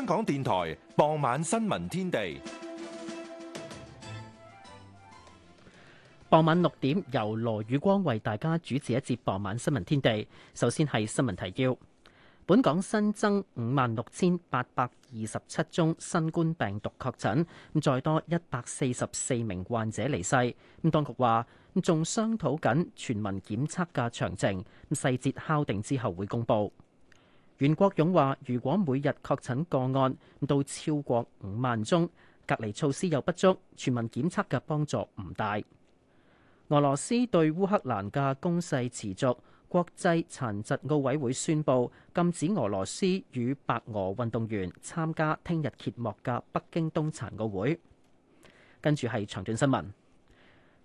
香港電台傍晚新聞天地。傍晚六點，由羅宇光為大家主持一節傍晚新聞天地。首先係新聞提要，本港新增五萬六千八百二十七宗新冠病毒確診，再多一百四十四名患者離世。當局話，仲商討緊全民檢測嘅詳情，細節敲定之後會公布。袁國勇話：如果每日確診個案到超過五萬宗，隔離措施又不足，全民檢測嘅幫助唔大。俄羅斯對烏克蘭嘅攻勢持續，國際殘疾奧委會宣布禁止俄羅斯與白俄運動員參加聽日揭幕嘅北京冬殘奧會。跟住係長短新聞。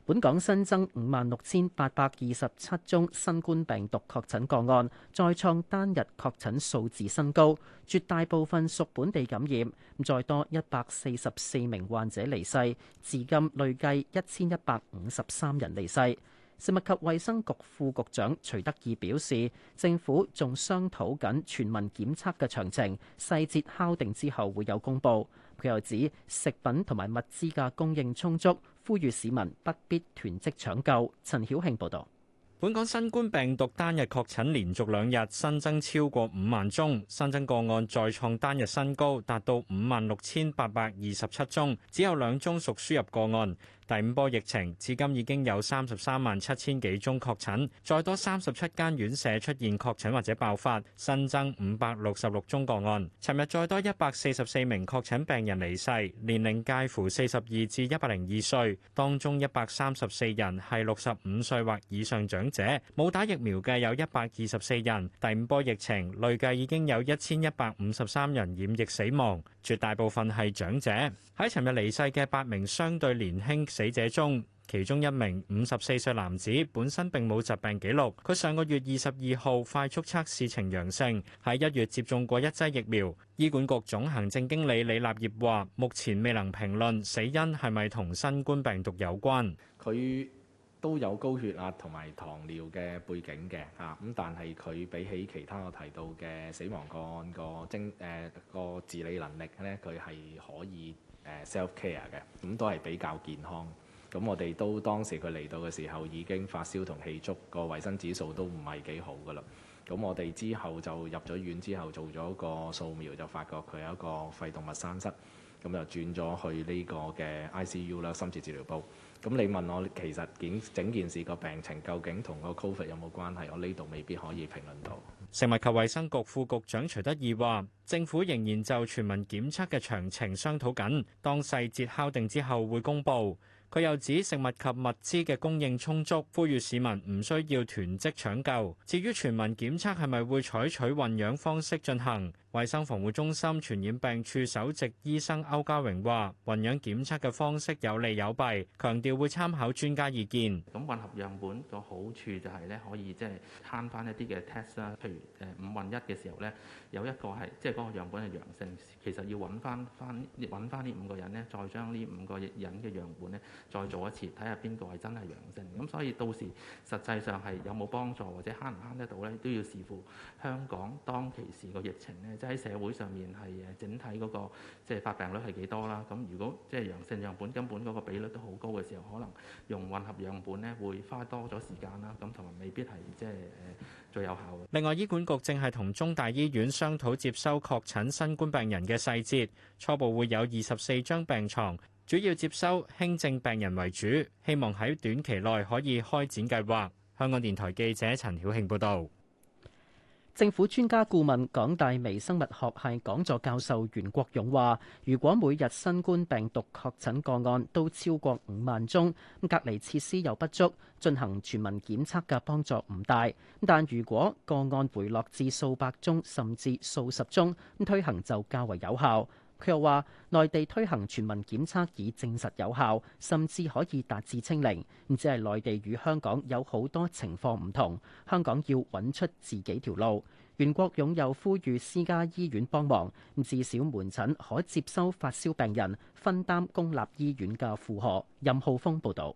本港新增五萬六千八百二十七宗新冠病毒確診個案，再創單日確診數字新高，絕大部分屬本地感染。再多一百四十四名患者離世，至今累計一千一百五十三人離世。食物及衛生局副局長徐德義表示，政府仲商討緊全民檢測嘅詳情，細節敲定之後會有公布，佢又指，食品同埋物資嘅供應充足。呼籲市民不必囤積搶救。陳曉慶報導，本港新冠病毒單日確診連續兩日新增超過五萬宗，新增個案再創單日新高，達到五萬六千八百二十七宗，只有兩宗屬輸入個案。第五波疫情至今已經有三十三萬七千幾宗確診，再多三十七間院舍出現確診或者爆發，新增五百六十六宗個案。尋日再多一百四十四名確診病人離世，年齡介乎四十二至一百零二歲，當中一百三十四人係六十五歲或以上長者，冇打疫苗嘅有一百二十四人。第五波疫情累計已經有一千一百五十三人染疫死亡，絕大部分係長者。喺尋日離世嘅八名相對年輕。死者中，其中一名五十四歲男子本身並冇疾病記錄。佢上個月二十二號快速測試呈陽性，喺一月接種過一劑疫苗。醫管局總行政經理李立業話：目前未能評論死因係咪同新冠病毒有關。佢都有高血壓同埋糖尿嘅背景嘅嚇，咁但係佢比起其他我提到嘅死亡個案個精誒個自理能力咧，佢係可以，Self care 嘅，咁、嗯、都係比較健康。咁、嗯、我哋都當時佢嚟到嘅時候已經發燒同氣足個衞生指數都唔係幾好㗎啦。咁、嗯、我哋之後就入咗院之後做咗個掃描，就發覺佢有一個肺動脈栓塞，咁就轉咗去呢個嘅 ICU 啦，深切治療部。咁你問我其實件整件事個病情究竟同個 Covid 有冇關係，我呢度未必可以評論到。食物及衛生局副局長徐德義話：政府仍然就全民檢測嘅詳情商討緊，當細節敲定之後會公布。佢又指食物及物資嘅供應充足，呼籲市民唔需要囤積搶購。至於全民檢測係咪會採取混養方式進行？衛生防護中心傳染病處首席醫生歐家榮話：混樣檢測嘅方式有利有弊，強調會參考專家意見。咁混合樣本個好處就係咧，可以即係慳翻一啲嘅 test 啦。譬如誒五混一嘅時候咧，有一個係即係個樣本係陽性，其實要揾翻翻揾翻呢五個人咧，再將呢五個人嘅樣本咧再做一次，睇下邊個係真係陽性。咁所以到時實際上係有冇幫助或者慳唔慳得到咧，都要視乎香港當其時個疫情咧。喺社會上面係誒整體嗰個即係發病率係幾多啦？咁如果即係陽性樣本根本嗰個比率都好高嘅時候，可能用混合樣本咧會花多咗時間啦。咁同埋未必係即係誒最有效。另外，醫管局正係同中大醫院商討接收確診新冠病人嘅細節，初步會有二十四張病床，主要接收輕症病人為主，希望喺短期內可以開展計劃。香港電台記者陳曉慶報道。政府專家顧問港大微生物學系講座教授袁國勇話，如果每日新冠病毒確診個案都超過五萬宗，隔離設施又不足，進行全民檢測嘅幫助唔大。但如果個案回落至數百宗，甚至數十宗，推行就較為有效。佢又話：內地推行全民檢測已證實有效，甚至可以達至清零。咁只係內地與香港有好多情況唔同，香港要揾出自己條路。袁國勇又呼籲私家醫院幫忙，至少門診可接收發燒病人，分擔公立醫院嘅負荷。任浩峰報導。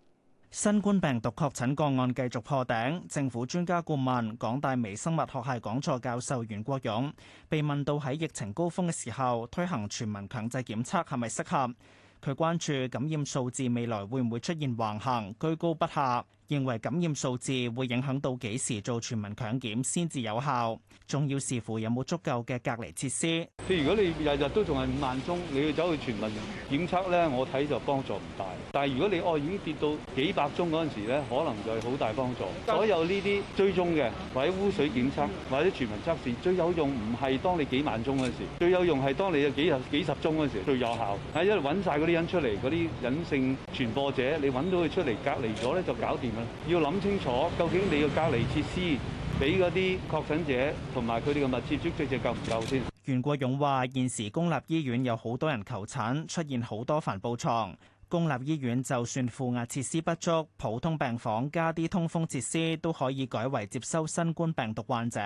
新冠病毒確診個案繼續破頂，政府專家顧問、港大微生物學系講座教授袁國勇被問到喺疫情高峰嘅時候推行全民強制檢測係咪適合？佢關注感染數字未來會唔會出現橫行、居高不下，認為感染數字會影響到幾時做全民強檢先至有效，仲要視乎有冇足夠嘅隔離設施。你如果你日日都仲係五萬宗，你要走去全民檢測咧，我睇就幫助唔大。但係如果你哦已經跌到幾百宗嗰陣時咧，可能就係好大幫助。所有呢啲追蹤嘅，或者污水檢測，或者全民測試，最有用唔係當你幾萬宗嗰陣時，最有用係當你有幾十幾十宗嗰時最有效。但係一路揾曬嗰啲人出嚟，嗰啲隱性傳播者，你揾到佢出嚟隔離咗咧，就搞掂。要諗清楚，究竟你要隔離設施俾嗰啲確診者同埋佢哋嘅密切接觸者夠唔夠先？究究袁國勇話：現時公立醫院有好多人求診，出現好多帆布床。公立醫院就算負壓設施不足，普通病房加啲通風設施都可以改為接收新冠病毒患者。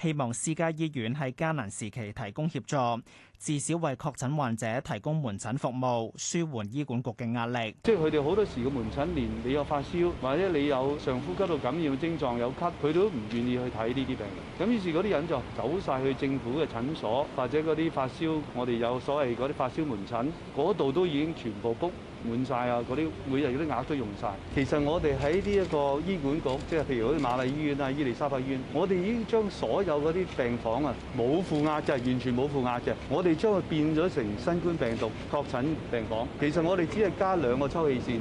希望私家醫院喺艱難時期提供協助，至少為確診患者提供門診服務，舒緩醫管局嘅壓力。即係佢哋好多時嘅門診，連你有發燒或者你有上呼吸道感染症狀有咳，佢都唔願意去睇呢啲病。咁於是嗰啲人就走晒去政府嘅診所，或者嗰啲發燒，我哋有所謂嗰啲發燒門診，嗰度都已經全部 book。滿晒啊！嗰啲每日啲額都用晒。其實我哋喺呢一個醫管局，即係譬如嗰啲瑪麗醫院啊、伊利沙伯醫院，我哋已經將所有嗰啲病房啊，冇負壓嘅，完全冇負壓嘅。我哋將佢變咗成新冠病毒確診病房。其實我哋只係加兩個抽氣扇，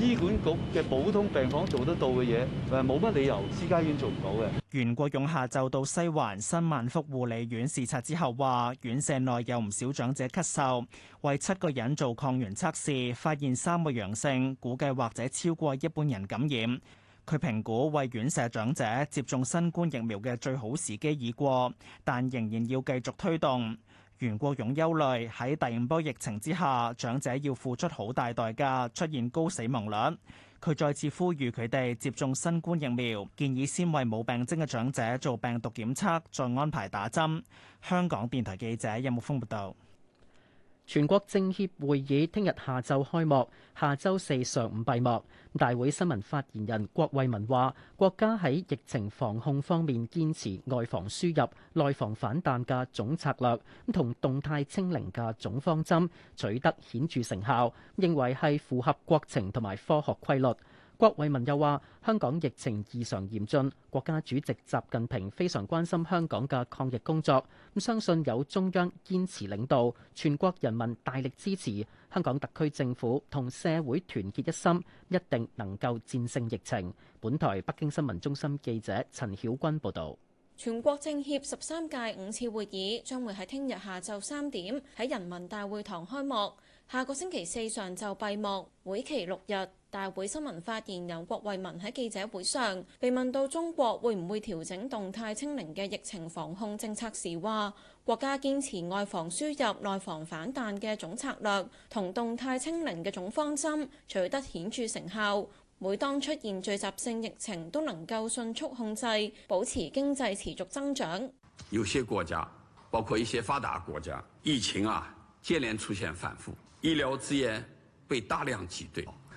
醫管局嘅普通病房做得到嘅嘢，誒，冇乜理由私家醫院做唔到嘅。袁國勇下晝到西環新萬福護理院視察之後，話院舍內有唔少長者咳嗽，為七個人做抗原測試，發現三個陽性，估計或者超過一半人感染。佢評估為院舍長者接種新冠疫苗嘅最好時機已過，但仍然要繼續推動。袁國勇憂慮喺第五波疫情之下，長者要付出好大代價，出現高死亡率。佢再次呼籲佢哋接種新冠疫苗，建議先為冇病徵嘅長者做病毒檢測，再安排打針。香港電台記者任木峯報道。全國政協會議聽日下晝開幕，下周四上午閉幕。大會新聞發言人郭衛民話：國家喺疫情防控方面堅持外防輸入、內防反彈嘅總策略，同動態清零嘅總方針，取得顯著成效，認為係符合國情同埋科學規律。郭衛民又話：香港疫情異常嚴峻，國家主席習近平非常關心香港嘅抗疫工作。咁相信有中央堅持領導，全國人民大力支持，香港特區政府同社會團結一心，一定能夠戰勝疫情。本台北京新聞中心記者陳曉君報道，全國政協十三屆五次會議將會喺聽日下晝三點喺人民大會堂開幕，下個星期四上晝閉幕，會期六日。大會新聞發言人郭衛民喺記者會上被問到中國會唔會調整動態清零嘅疫情防控政策時，話國家堅持外防輸入、內防反彈嘅總策略同動態清零嘅總方針，取得顯著成效。每當出現聚集性疫情，都能夠迅速控制，保持經濟持續增長。有些國家，包括一些發達國家，疫情啊接連出現反復，醫療資源被大量擠兌。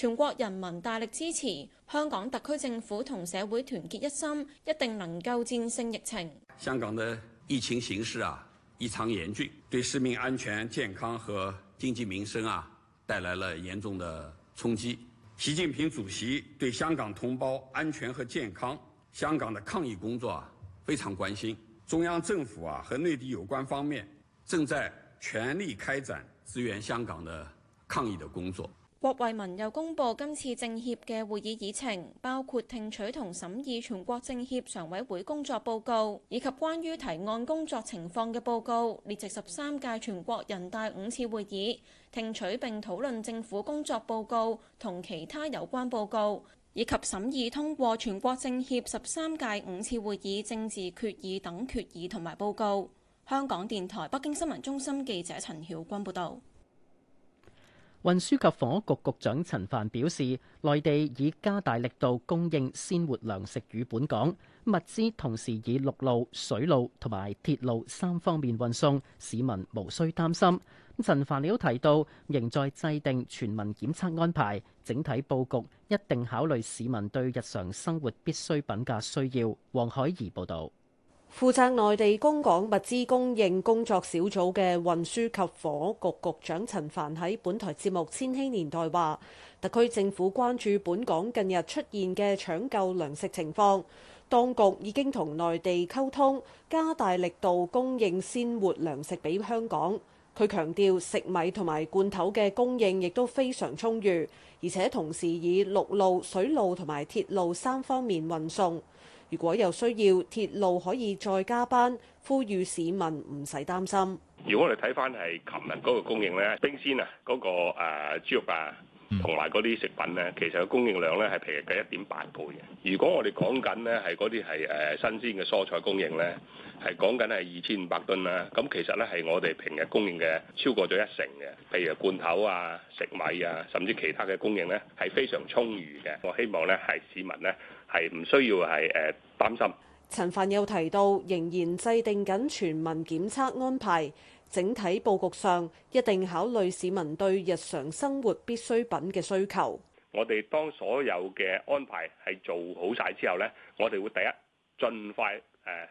全國人民大力支持香港特區政府同社會團結一心，一定能夠戰勝疫情。香港的疫情形勢啊，異常嚴峻，對市民安全健康和經濟民生啊，帶來了嚴重的衝擊。習近平主席對香港同胞安全和健康、香港的抗疫工作啊，非常關心。中央政府啊，和內地有關方面正在全力開展支援香港的抗疫的工作。郭衛民又公布今次政協嘅會議議程，包括聽取同審議全國政協常委會工作報告以及關於提案工作情況嘅報告，列席十三屆全國人大五次會議，聽取並討論政府工作報告同其他有關報告，以及審議通過全國政協十三屆五次會議政治決議等決議同埋報告。香港電台北京新聞中心記者陳曉君報道。運輸及房屋局局長陳帆表示，內地已加大力度供應鮮活糧食與本港物資，同時以陸路、水路同埋鐵路三方面運送，市民無需擔心。陳帆亦都提到，仍在制定全民檢測安排，整體布局一定考慮市民對日常生活必需品嘅需要。黃海怡報道。負責內地供港物資供應工作小組嘅運輸及火局局長陳帆喺本台節目《千禧年代》話，特區政府關注本港近日出現嘅搶救糧食情況，當局已經同內地溝通，加大力度供應鮮活糧食俾香港。佢強調，食米同埋罐頭嘅供應亦都非常充裕，而且同時以陸路、水路同埋鐵路三方面運送。如果有需要，鐵路可以再加班，呼籲市民唔使擔心如、那個呃。如果我哋睇翻係琴日嗰個供應咧，冰鮮啊，嗰個誒豬肉啊，同埋嗰啲食品咧，其實嘅供應量咧係平日嘅一點八倍嘅。如果我哋講緊咧係嗰啲係誒新鮮嘅蔬菜供應咧，係講緊係二千五百噸啦。咁其實咧係我哋平日供應嘅超過咗一成嘅。譬如罐頭啊、食米啊，甚至其他嘅供應咧係非常充裕嘅。我希望咧係市民咧。係唔需要係誒擔心。陳帆又提到，仍然制定緊全民檢測安排，整體佈局上一定考慮市民對日常生活必需品嘅需求。我哋當所有嘅安排係做好曬之後咧，我哋會第一盡快誒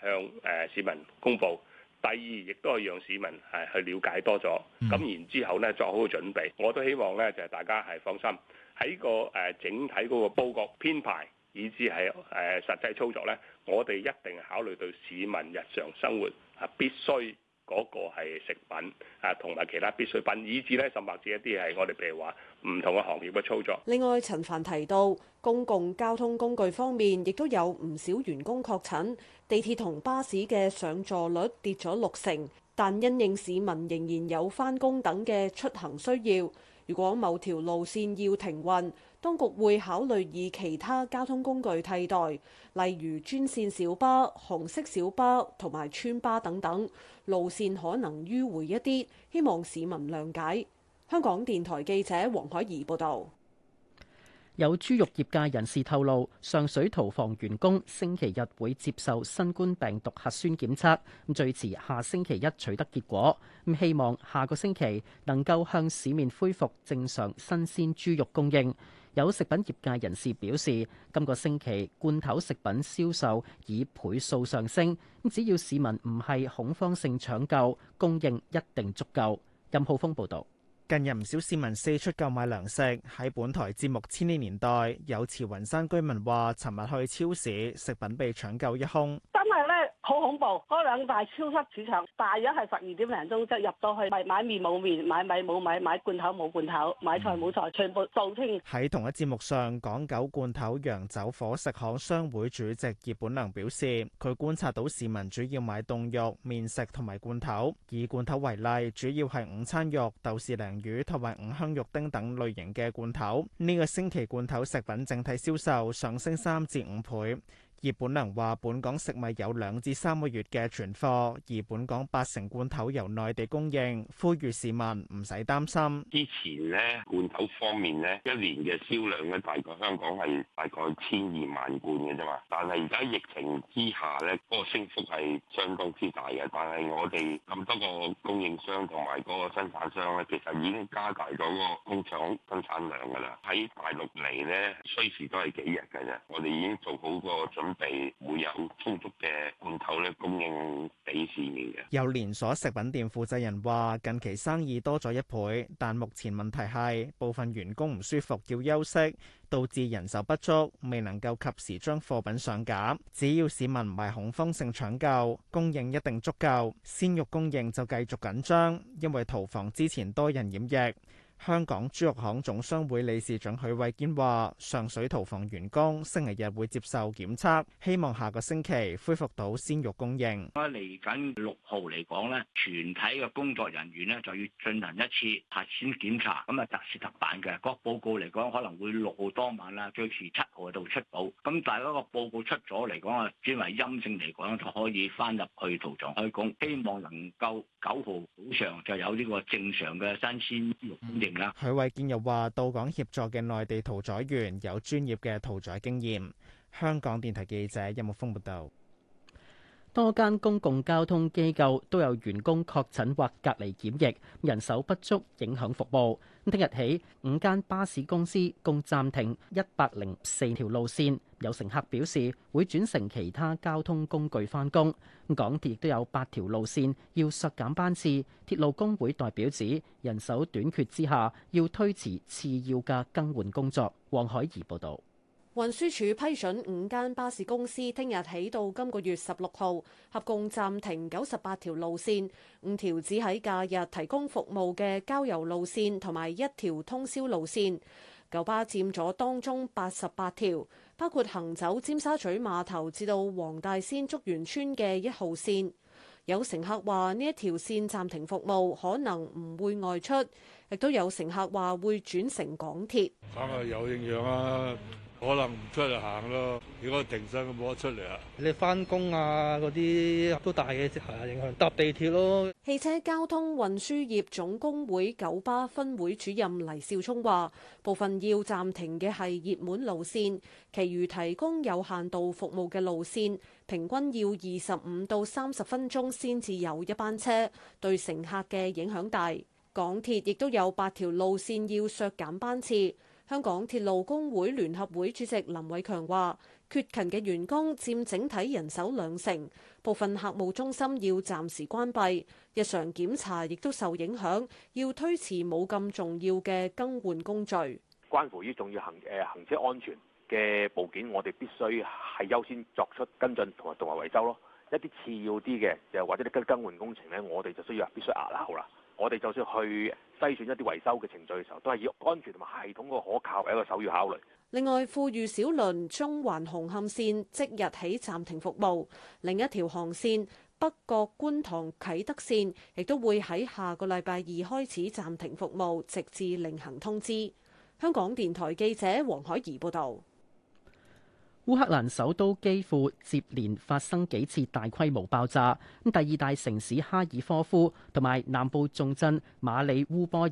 向誒市民公布，第二亦都係讓市民係去了解多咗，咁然之後咧做好個準備。我都希望咧就係大家係放心喺個誒整體嗰個佈局編排。以至係誒實際操作咧，我哋一定考慮到市民日常生活啊必須嗰個係食品啊，同埋其他必需品，以至咧甚至一啲係我哋譬如話唔同嘅行業嘅操作。另外，陳凡提到公共交通工具方面亦都有唔少員工確診，地鐵同巴士嘅上座率跌咗六成，但因應市民仍然有返工等嘅出行需要，如果某條路線要停運。當局會考慮以其他交通工具替代，例如專線小巴、紅色小巴同埋村巴等等，路線可能迂回一啲，希望市民諒解。香港電台記者黃海怡報導。有豬肉業界人士透露，上水屠房員工星期日會接受新冠病毒核酸檢測，最遲下星期一取得結果，咁希望下個星期能夠向市面恢復正常新鮮豬肉供應。有食品業界人士表示，今個星期罐頭食品銷售以倍數上升。只要市民唔係恐慌性搶購，供應一定足夠。任浩峰報導。近日唔少市民四出購買糧食，喺本台節目《千禧年代》，有慈雲山居民話，尋日去超市，食品被搶購一空。好恐怖！嗰兩大超級市場，大約係十二點零鐘即入到去，咪買麵冇麵，買米冇米，買罐頭冇罐頭，買菜冇菜，全部掃清。喺、嗯、同一節目上，港九罐頭洋酒伙食行商會主席葉本良表示，佢觀察到市民主要買凍肉、麵食同埋罐頭。以罐頭為例，主要係午餐肉、豆豉鯪魚同埋五香肉丁等類型嘅罐頭。呢、這個星期罐頭食品整體銷售上升三至五倍。葉本良話：本港食物有兩至三個月嘅存貨，而本港八成罐頭由內地供應，呼籲市民唔使擔心。之前呢，罐頭方面呢，一年嘅銷量咧，大概香港係大概千二萬罐嘅啫嘛。但係而家疫情之下呢嗰、嗰個升幅係相當之大嘅。但係我哋咁多個供應商同埋嗰個生產商咧，其實已經加大咗個工廠生產量噶啦。喺大陸嚟呢，需時都係幾日嘅啫。我哋已經做好個準備。未會有充足嘅罐頭供應俾市民嘅。有連鎖食品店負責人話，近期生意多咗一倍，但目前問題係部分員工唔舒服，要休息，導致人手不足，未能夠及時將貨品上架。只要市民唔係恐慌性搶購，供應一定足夠，鮮肉供應就繼續緊張，因為屠房之前多人染疫。香港豬肉行總商會理事長許偉堅話，上水屠房員工星期日會接受檢測，希望下個星期恢復到鮮肉供應。咁啊，嚟緊六號嚟講咧，全體嘅工作人員咧就要進行一次核酸檢查，咁啊，特事特辦嘅個報告嚟講可能會六號當晚啦，最遲七號度出到。咁但係嗰個報告出咗嚟講啊，轉為陰性嚟講就可以翻入去屠場開工，希望能夠九號早上就有呢個正常嘅新鮮豬肉供應。許慧健又話：到港協助嘅內地屠宰員有專業嘅屠宰經驗。香港電台記者任木峰報道。多間公共交通機構都有員工確診或隔離檢疫，人手不足影響服務。咁聽日起，五間巴士公司共暫停一百零四條路線，有乘客表示會轉乘其他交通工具翻工。港鐵亦都有八條路線要削減班次。鐵路工會代表指，人手短缺之下，要推遲次要嘅更換工作。黃海怡報導。運輸署批准五間巴士公司聽日起到今個月十六號合共暫停九十八條路線，五條只喺假日提供服務嘅郊遊路線，同埋一條通宵路線。九巴佔咗當中八十八條，包括行走尖沙咀碼頭至到黃大仙竹園村嘅一號線。有乘客話呢一條線暫停服務，可能唔會外出，亦都有乘客話會轉乘港鐵。可能唔出嚟行、啊、咯，如果停晒都冇得出嚟啊，你翻工啊，嗰啲都大嘅影響，搭地鐵咯。汽車交通運輸業總工會九巴分會主任黎少聰話，部分要暫停嘅係熱門路線，其餘提供有限度服務嘅路線，平均要二十五到三十分鐘先至有一班車，對乘客嘅影響大。港鐵亦都有八條路線要削減班次。香港鐵路工會聯合會主席林偉強話，缺勤嘅員工佔整體人手兩成，部分客務中心要暫時關閉，日常檢查亦都受影響，要推遲冇咁重要嘅更換工序。關乎於重要行誒行車安全嘅部件，我哋必須係優先作出跟進同埋同埋維修咯。一啲次要啲嘅，又或者一啲更換工程呢，我哋就需要必須壓後好啦。我哋就算去篩選一啲維修嘅程序嘅時候，都係以安全同埋系統個可靠嘅一個首要考慮。另外，富裕小輪中環紅磡線即日起暫停服務，另一條航線北角觀塘啟德線亦都會喺下個禮拜二開始暫停服務，直至另行通知。香港電台記者黃海怡報導。烏克蘭首都幾乎接連發生幾次大規模爆炸，第二大城市哈爾科夫同埋南部重鎮馬里烏波爾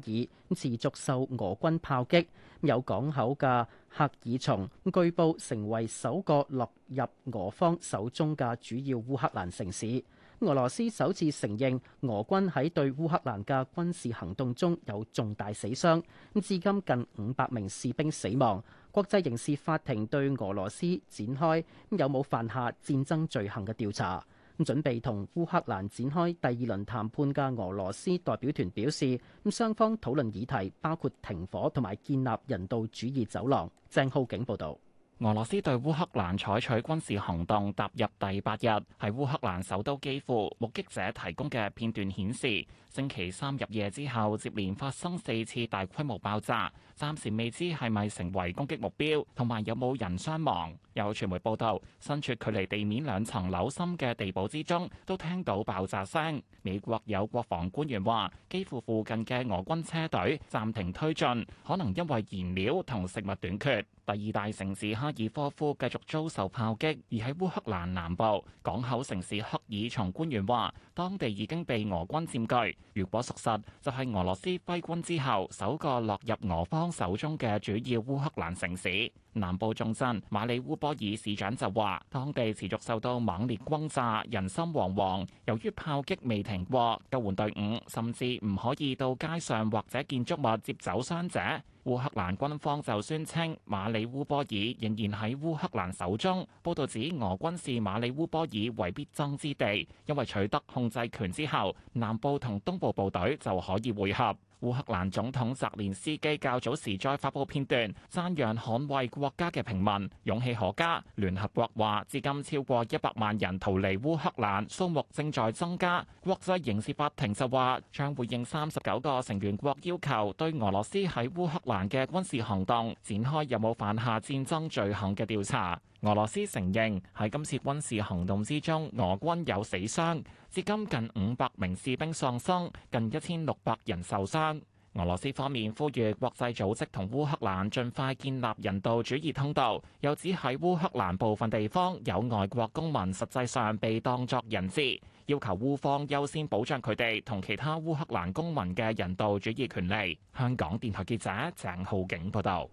持續受俄軍炮擊，有港口嘅赫爾松據報成為首個落入俄方手中嘅主要烏克蘭城市。俄羅斯首次承認俄軍喺對烏克蘭嘅軍事行動中有重大死傷，至今近五百名士兵死亡。國際刑事法庭對俄羅斯展開有冇犯下戰爭罪行嘅調查，咁準備同烏克蘭展開第二輪談判嘅俄羅斯代表團表示，咁雙方討論議題包括停火同埋建立人道主義走廊。鄭浩景報導，俄羅斯對烏克蘭採取軍事行動踏入第八日，喺烏克蘭首都基輔目擊者提供嘅片段顯示。星期三入夜之後，接連發生四次大規模爆炸，暫時未知係咪成為攻擊目標，同埋有冇人傷亡。有傳媒報道，身處距離地面兩層樓深嘅地堡之中，都聽到爆炸聲。美國有國防官員話，幾乎附近嘅俄軍車隊暫停推進，可能因為燃料同食物短缺。第二大城市哈爾科夫繼續遭受炮擊，而喺烏克蘭南部港口城市赫爾松，官員話當地已經被俄軍佔據。如果屬實就係、是、俄羅斯揮軍之後首個落入俄方手中嘅主要烏克蘭城市。南部重鎮馬里烏波爾市長就話當地持續受到猛烈轟炸，人心惶惶。由於炮擊未停過，救援隊伍甚至唔可以到街上或者建築物接走傷者。烏克蘭軍方就宣稱，馬里烏波爾仍然喺烏克蘭手中。報道指俄軍視馬里烏波爾為必爭之地，因為取得控制權之後，南部同東部部隊就可以會合。烏克蘭總統澤連斯基較早時再發布片段，讚揚捍衛國家嘅平民，勇氣可嘉。聯合國話，至今超過一百萬人逃離烏克蘭，數目正在增加。國際刑事法庭就話，將回應三十九個成員國要求，對俄羅斯喺烏克蘭嘅軍事行動展開有冇犯下戰爭罪行嘅調查。俄羅斯承認喺今次軍事行動之中，俄軍有死傷，至今近五百名士兵喪生，近一千六百人受傷。俄羅斯方面呼籲國際組織同烏克蘭盡快建立人道主義通道，又指喺烏克蘭部分地方有外國公民實際上被當作人質，要求烏方優先保障佢哋同其他烏克蘭公民嘅人道主義權利。香港電台記者鄭浩景報道。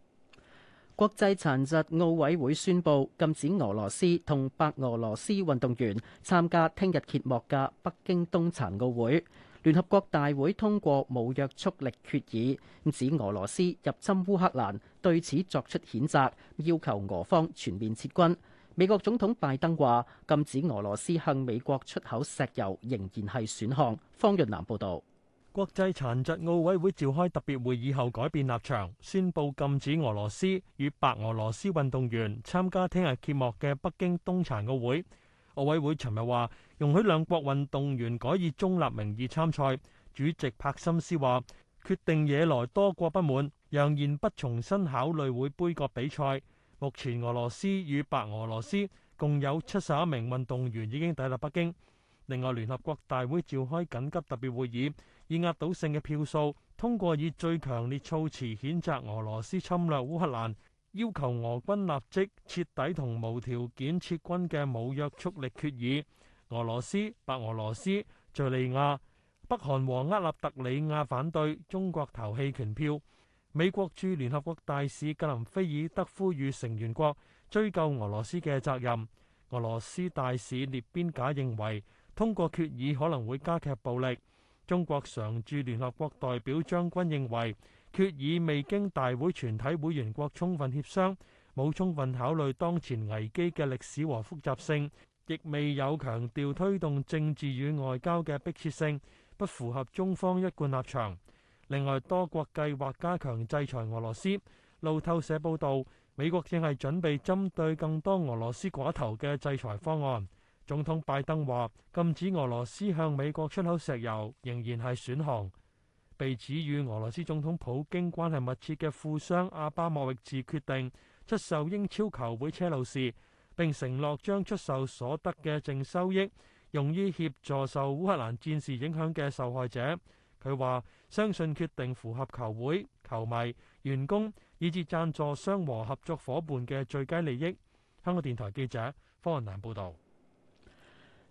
國際殘疾奧委會宣布禁止俄羅斯同白俄羅斯運動員參加聽日揭幕嘅北京冬殘奧會。聯合國大會通過無約束力決議，指俄羅斯入侵烏克蘭，對此作出譴責，要求俄方全面撤軍。美國總統拜登話，禁止俄羅斯向美國出口石油仍然係選項。方潤南報道。國際殘疾奧委會召開特別會議後，改變立場，宣布禁止俄羅斯與白俄羅斯運動員參加聽日揭幕嘅北京冬殘奧會。奧委會尋日話，容許兩國運動員改以中立名義參賽。主席帕森斯話，決定惹來多國不滿，揚言不重新考慮會杯葛比賽。目前俄羅斯與白俄羅斯共有七十一名運動員已經抵達北京。另外，聯合國大會召開緊急特別會議。以壓倒性嘅票數通過，以最強烈措辭譴責俄羅斯侵略烏克蘭，要求俄軍立即徹底同無條件撤軍嘅無約束力決議。俄羅斯、白俄羅斯、敘利亞、北韓和厄立特里亞反對，中國投棄權票。美國駐聯合國大使格林菲爾德呼籲成員國追究俄羅斯嘅責任。俄羅斯大使列邊假認為，通過決議可能會加劇暴力。中國常駐聯合國代表張軍認為，決議未經大會全體會員國充分協商，冇充分考慮當前危機嘅歷史和複雜性，亦未有強調推動政治與外交嘅迫切性，不符合中方一貫立場。另外，多國計劃加強制裁俄羅斯。路透社報道，美國正係準備針對更多俄羅斯寡頭嘅制裁方案。總統拜登話，禁止俄羅斯向美國出口石油仍然係選項。被指與俄羅斯總統普京關係密切嘅富商阿巴莫域治決定出售英超球會車路士，並承諾將出售所得嘅淨收益用於協助受烏克蘭戰事影響嘅受害者。佢話相信決定符合球會、球迷、員工以至贊助商和合作夥伴嘅最佳利益。香港電台記者方雲南報道。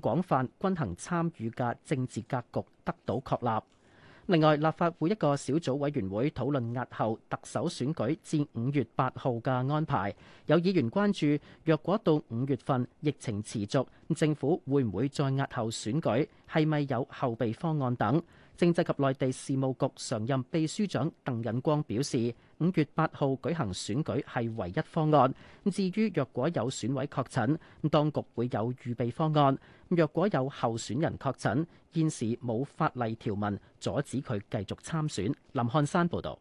廣泛均衡參與嘅政治格局得到確立。另外，立法會一個小組委員會討論押後特首選舉至五月八號嘅安排。有議員關注，若果到五月份疫情持續，政府會唔會再押後選舉？係咪有後備方案等？政制及內地事務局常任秘書長鄧忍光表示，五月八號舉行選舉係唯一方案。咁至於若果有選委確診，咁當局會有預備方案。咁若果有候選人確診，現時冇法例條文阻止佢繼續參選。林漢山報導。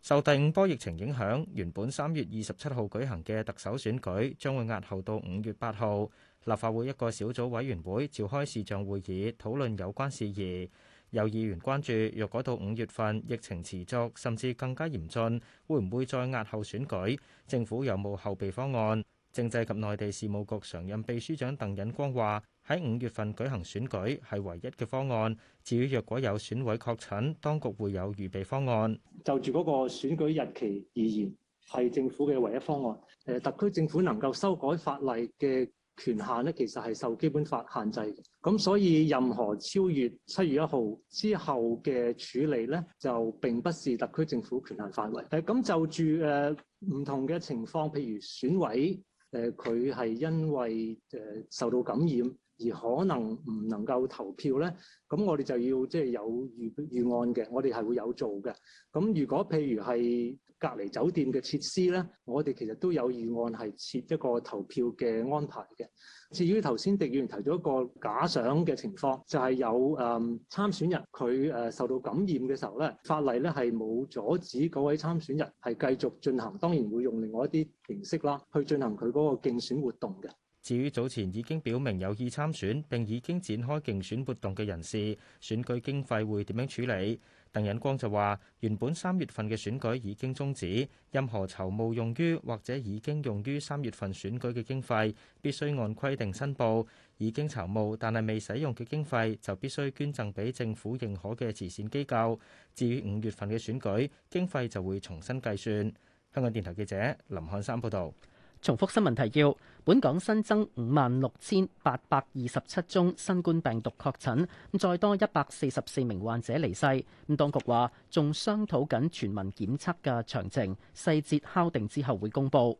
受第五波疫情影響，原本三月二十七號舉行嘅特首選舉將會押後到五月八號。立法會一個小組委員會召開視像會議，討論有關事宜。有議員關注，若果到五月份疫情持續甚至更加嚴峻，會唔會再押後選舉？政府有冇後備方案？政制及內地事務局常任秘書長鄧忍光話：喺五月份舉行選舉係唯一嘅方案。至於若果有選委確診，當局會有預備方案。就住嗰個選舉日期而言，係政府嘅唯一方案。誒，特區政府能夠修改法例嘅權限咧，其實係受基本法限制嘅。咁所以任何超越七月一號之後嘅處理咧，就並不是特區政府權限範圍。誒，咁就住誒唔同嘅情況，譬如選委誒佢係因為誒受到感染而可能唔能夠投票咧，咁我哋就要即係有預預案嘅，我哋係會有做嘅。咁如果譬如係，隔離酒店嘅設施呢，我哋其實都有預案係設一個投票嘅安排嘅。至於頭先狄議員提到一個假想嘅情況，就係、是、有誒、嗯、參選人佢誒受到感染嘅時候呢，法例呢係冇阻止嗰位參選人係繼續進行，當然會用另外一啲形式啦，去進行佢嗰個競選活動嘅。至於早前已經表明有意參選並已經展開競選活動嘅人士，選舉經費會點樣處理？鄧引光就話：原本三月份嘅選舉已經終止，任何籌募用於或者已經用於三月份選舉嘅經費，必須按規定申報；已經籌募但係未使用嘅經費，就必須捐贈俾政府認可嘅慈善機構。至於五月份嘅選舉，經費就會重新計算。香港電台記者林漢山報道。重複新聞提要：本港新增五萬六千八百二十七宗新冠病毒確診，再多一百四十四名患者離世。咁當局話仲商討緊全民檢測嘅詳情細節，細節敲定之後會公佈。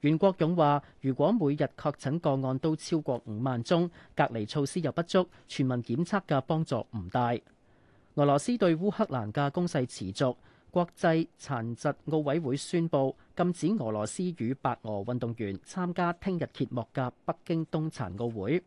袁國勇話：如果每日確診個案都超過五萬宗，隔離措施又不足，全民檢測嘅幫助唔大。俄羅斯對烏克蘭嘅攻勢持續。國際殘疾奧委會宣佈禁止俄羅斯與白俄運動員參加聽日揭幕嘅北京冬殘奧會。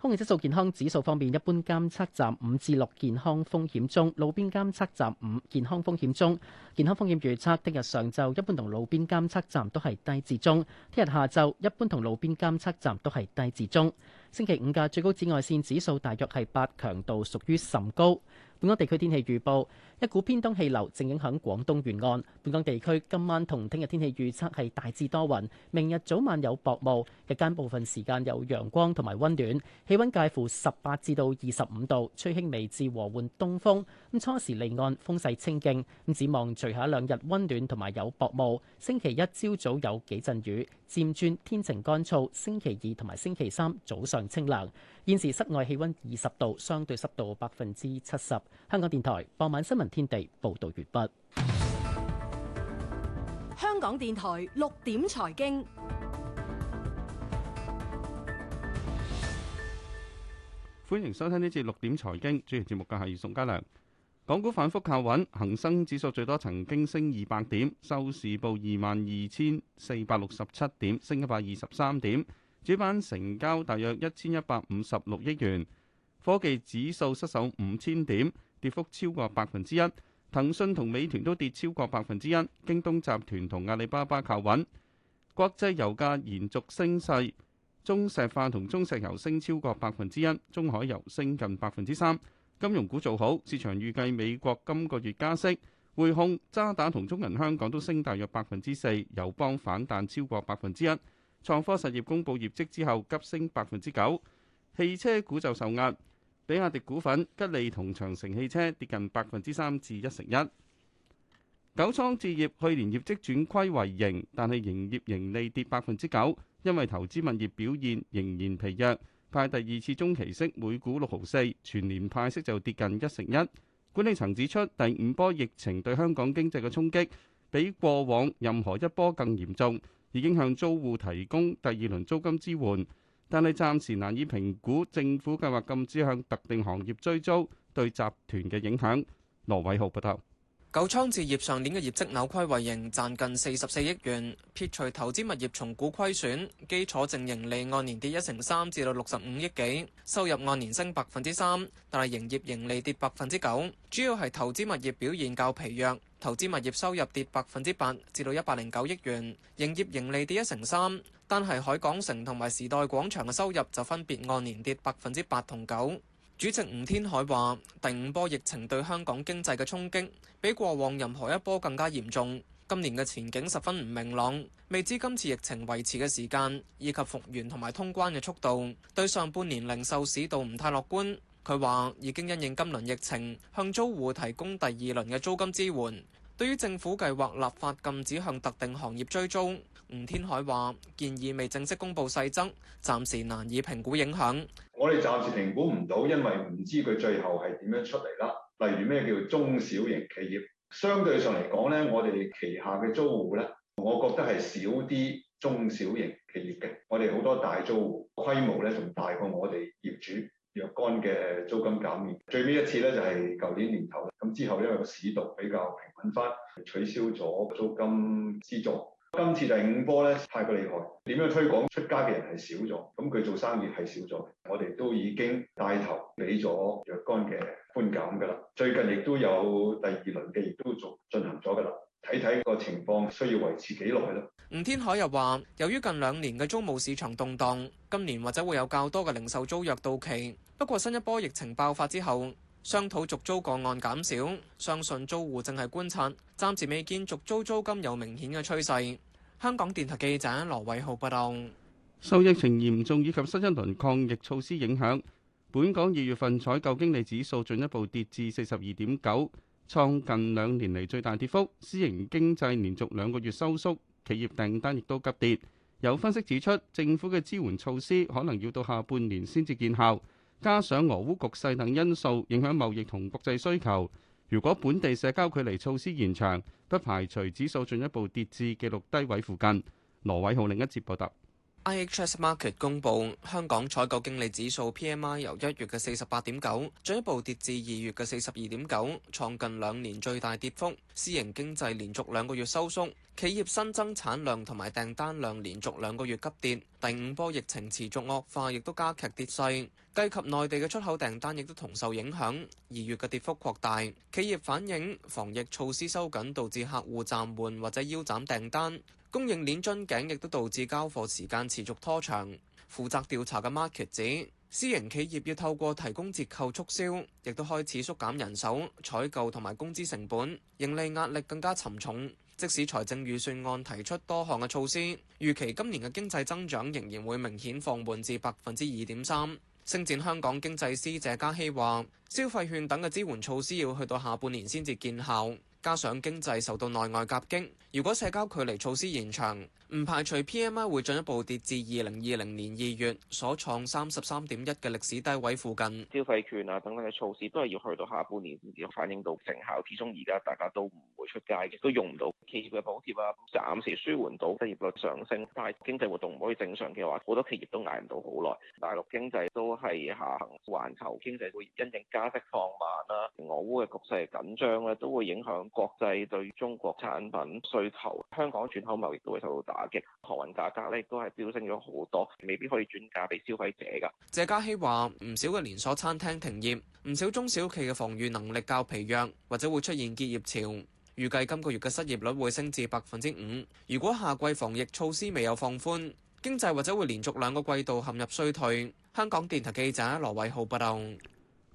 空氣質素健康指數方面，一般監測站五至六健康風險中，路邊監測站五健康風險中。健康風險預測，聽日上晝一般同路邊監測站都係低至中，聽日下晝一般同路邊監測站都係低至中。星期五嘅最高紫外線指數大約係八，強度屬於甚高。本港地區天氣預報：一股偏東氣流正影響廣東沿岸。本港地區今晚同聽日天氣預測係大致多雲，明日早晚有薄霧，日間部分時間有陽光同埋温暖，氣温介乎十八至到二十五度，吹輕微至和緩東風。咁初時離岸風勢清勁。咁展望，隨後一兩日温暖同埋有薄霧，星期一朝早有幾陣雨，漸轉天晴乾燥。星期二同埋星期三早上清涼。現時室外氣温二十度，相對濕度百分之七十。香港電台傍晚新聞天地報導完畢。香港電台六點財經，歡迎收聽呢節六點財經，主持節目嘅係宋嘉良。港股反覆靠穩，恒生指數最多曾經升二百點，收市報二萬二千四百六十七點，升一百二十三點。主板成交大約一千一百五十六億元，科技指數失守五千點，跌幅超過百分之一。騰訊同美團都跌超過百分之一，京東集團同阿里巴巴靠穩。國際油價延續升勢，中石化同中石油升超過百分之一，中海油升近百分之三。金融股做好，市場預計美國今個月加息，匯控、渣打同中銀香港都升大約百分之四，友邦反彈超過百分之一。創科實業公布業績之後急升百分之九，汽車股就受壓，比亞迪股份、吉利同長城汽車跌近百分之三至一成一。九倉置業去年業績轉虧為盈，但係營業盈利跌百分之九，因為投資物業表現仍然疲弱，派第二次中期息每股六毫四，全年派息就跌近一成一。管理層指出，第五波疫情對香港經濟嘅衝擊比過往任何一波更嚴重。已經向租戶提供第二輪租金支援，但係暫時難以評估政府計劃禁止向特定行業追租對集團嘅影響。羅偉浩報道。九倉置業上年嘅業績扭虧為盈，賺近四十四億元，撇除投資物業重估虧損，基礎淨盈利按年跌一成三至到六十五億幾，收入按年升百分之三，但係營業盈利跌百分之九，主要係投資物業表現較疲弱。投資物業收入跌百分之八，至到一百零九億元，營業盈利跌一成三。但係海港城同埋時代廣場嘅收入就分別按年跌百分之八同九。主席吳天海話：第五波疫情對香港經濟嘅衝擊，比過往任何一波更加嚴重。今年嘅前景十分唔明朗，未知今次疫情維持嘅時間以及復原同埋通關嘅速度，對上半年零售市道唔太樂觀。佢話已經因應今輪疫情，向租戶提供第二輪嘅租金支援。對於政府計劃立法禁止向特定行業追租，吳天海話建議未正式公布細則，暫時難以評估影響。我哋暫時評估唔到，因為唔知佢最後係點樣出嚟啦。例如咩叫中小型企業？相對上嚟講呢，我哋旗下嘅租戶咧，我覺得係少啲中小型企業嘅。我哋好多大租戶規模咧，仲大過我哋業主。若干嘅租金減免，最尾一次咧就係舊年年頭啦。咁之後因為個市道比較平穩翻，取消咗租金資助。今次第五波咧太過厲害，點樣推廣出街嘅人係少咗，咁佢做生意係少咗。我哋都已經帶頭俾咗若干嘅寬減㗎啦。最近亦都有第二輪嘅，亦都仲進行咗㗎啦。睇睇個情況需要維持幾耐呢。吳天海又話：由於近兩年嘅租務市場動蕩，今年或者會有較多嘅零售租約到期。不過新一波疫情爆發之後，商討續租個案減少，相信租戶淨係觀察，暫時未見續租租金有明顯嘅趨勢。香港電台記者羅偉浩報道：受疫情嚴重以及新一輪抗疫措施影響，本港二月份採購經理指數進一步跌至四十二點九。創近兩年嚟，最大跌幅，私營經濟連續兩個月收縮，企業訂單亦都急跌。有分析指出，政府嘅支援措施可能要到下半年先至見效，加上俄烏局勢等因素影響貿易同國際需求。如果本地社交距離措施延長，不排除指數進一步跌至紀錄低位附近。羅偉浩另一節報道。IHS Markit 公布香港採購經理指數 PMI 由一月嘅四十八點九進一步跌至二月嘅四十二點九，創近兩年最大跌幅。私營經濟連續兩個月收縮，企業新增產量同埋訂單量連續兩個月急跌，第五波疫情持續惡化，亦都加劇跌勢。計及內地嘅出口訂單亦都同受影響，二月嘅跌幅擴大。企業反映防疫措施收緊，導致客戶暫緩或者腰斬訂單，供應鏈樽頸亦都導致交貨時間持續拖長。負責調查嘅 market 指，私營企業要透過提供折扣促銷，亦都開始縮減人手、採購同埋工資成本，盈利壓力更加沉重。即使財政預算案提出多項嘅措施，預期今年嘅經濟增長仍然會明顯放緩至百分之二點三。星展香港經濟師謝家希話：消費券等嘅支援措施要去到下半年先至見效，加上經濟受到內外夾擊，如果社交距離措施延長。唔排除 PMI 會進一步跌至二零二零年二月所創三十三點一嘅歷史低位附近。消費券啊等等嘅措施都係要去到下半年先至反映到成效，始終而家大家都唔會出街亦都用唔到企業嘅補貼啊，暫時舒緩到失業率上升，但係經濟活動唔可以正常嘅話，好多企業都捱唔到好耐。大陸經濟都係下行，環球經濟會因應加息放慢啦，俄烏嘅局勢緊張咧都會影響國際對中國產品需求，香港轉口貿易都會受到打。嘅航運價格咧都係飆升咗好多，未必可以轉嫁俾消費者噶。謝嘉熙話：唔少嘅連鎖餐廳停業，唔少中小企嘅防禦能力較疲弱，或者會出現結業潮。預計今個月嘅失業率會升至百分之五。如果夏季防疫措施未有放寬，經濟或者會連續兩個季度陷入衰退。香港電台記者羅偉浩報道。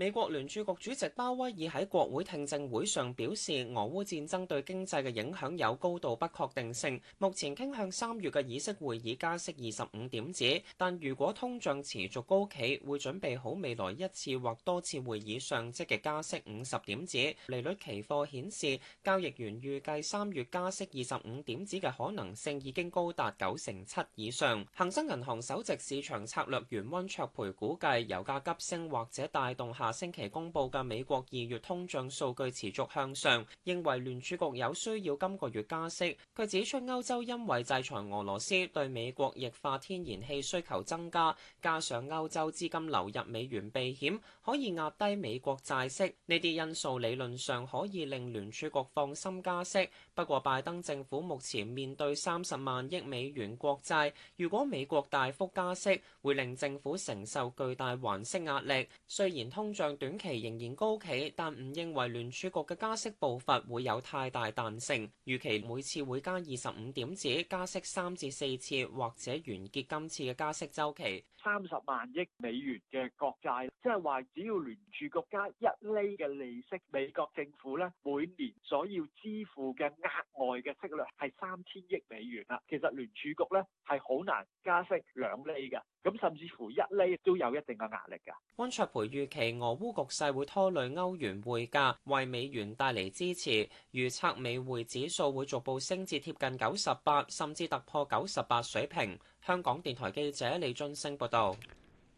美國聯儲局主席鮑威爾喺國會聽證會上表示，俄烏戰爭對經濟嘅影響有高度不確定性。目前傾向三月嘅議息會議加息二十五點子，但如果通脹持續高企，會準備好未來一次或多次會議上積極加息五十點子。利率期貨顯示，交易員預計三月加息二十五點子嘅可能性已經高達九成七以上。恒生銀行首席市場策略員溫卓培估計，油價急升或者帶動下。下星期公布嘅美國二月通脹數據持續向上，認為聯儲局有需要今個月加息。佢指出，歐洲因為制裁俄羅斯，對美國液化天然氣需求增加，加上歐洲資金流入美元避險，可以壓低美國債息。呢啲因素理論上可以令聯儲局放心加息。不過，拜登政府目前面對三十萬億美元國債，如果美國大幅加息，會令政府承受巨大還息壓力。雖然通脹短期仍然高企，但唔認為聯儲局嘅加息步伐會有太大彈性。預期每次會加二十五點子，加息三至四次，或者完結今次嘅加息週期。三十萬億美元嘅國債，即係話只要聯儲局加一厘嘅利息，美國政府咧每年所要支付嘅額外嘅息率係三千億美元啊！其實聯儲局咧係好難加息兩厘㗎，咁甚至乎一厘都有一定嘅壓力㗎。溫卓培預期俄烏局勢會拖累歐元匯價，為美元帶嚟支持，預測美匯指數會逐步升至貼近九十八，甚至突破九十八水平。香港電台記者李俊升報道，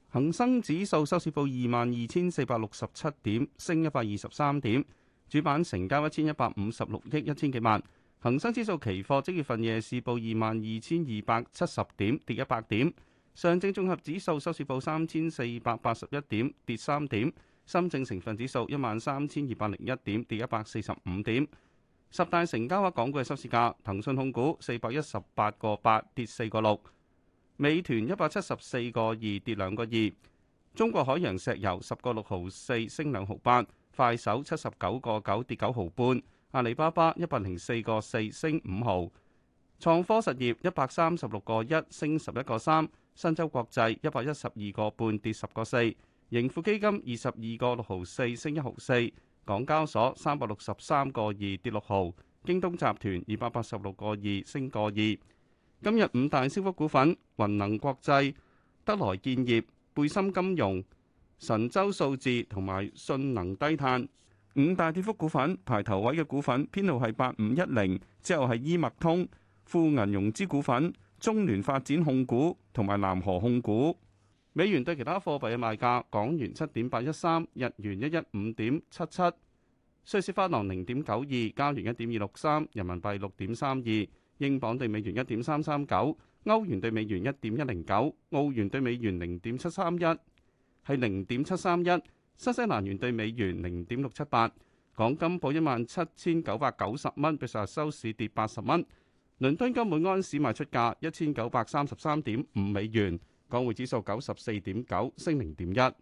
恒生指數收市報二萬二千四百六十七點，升一百二十三點，主板成交一千一百五十六億一千幾萬。恒生指數期貨即月份夜市報二萬二千二百七十點，跌一百點。上證綜合指數收市報三千四百八十一點，跌三點。深證成分指數一萬三千二百零一點，跌一百四十五點。十大成交額港股嘅收市價，騰訊控股四百一十八個八，跌四個六。美團一百七十四個二跌兩個二。中國海洋石油十個六毫四升兩毫八。快手七十九個九跌九毫半。阿里巴巴一百零四個四升五毫。創科實業一百三十六個一升十一個三。新洲國際一百一十二個半跌十個四。盈富基金二十二個六毫四升一毫四。港交所三百六十三個二跌六毫。京東集團二百八十六個二升個二。今日五大升幅股份：雲能國際、德萊建業、貝森金融、神州數字同埋信能低碳。五大跌幅股份排頭位嘅股份編號係八五一零，之後係伊麥通、富銀融資股份、中聯發展控股同埋南河控股。美元對其他貨幣嘅賣價：港元七點八一三，日元一一五點七七，瑞士法郎零點九二，加元一點二六三，人民幣六點三二。英鎊兌美元一點三三九，歐元兌美元一點一零九，澳元兌美元零點七三一，係零點七三一，新西蘭元兌美元零點六七八，港金報一萬七千九百九十蚊，比上日收市跌八十蚊。倫敦金每安士賣出價一千九百三十三點五美元，港匯指數九十四點九升零點一。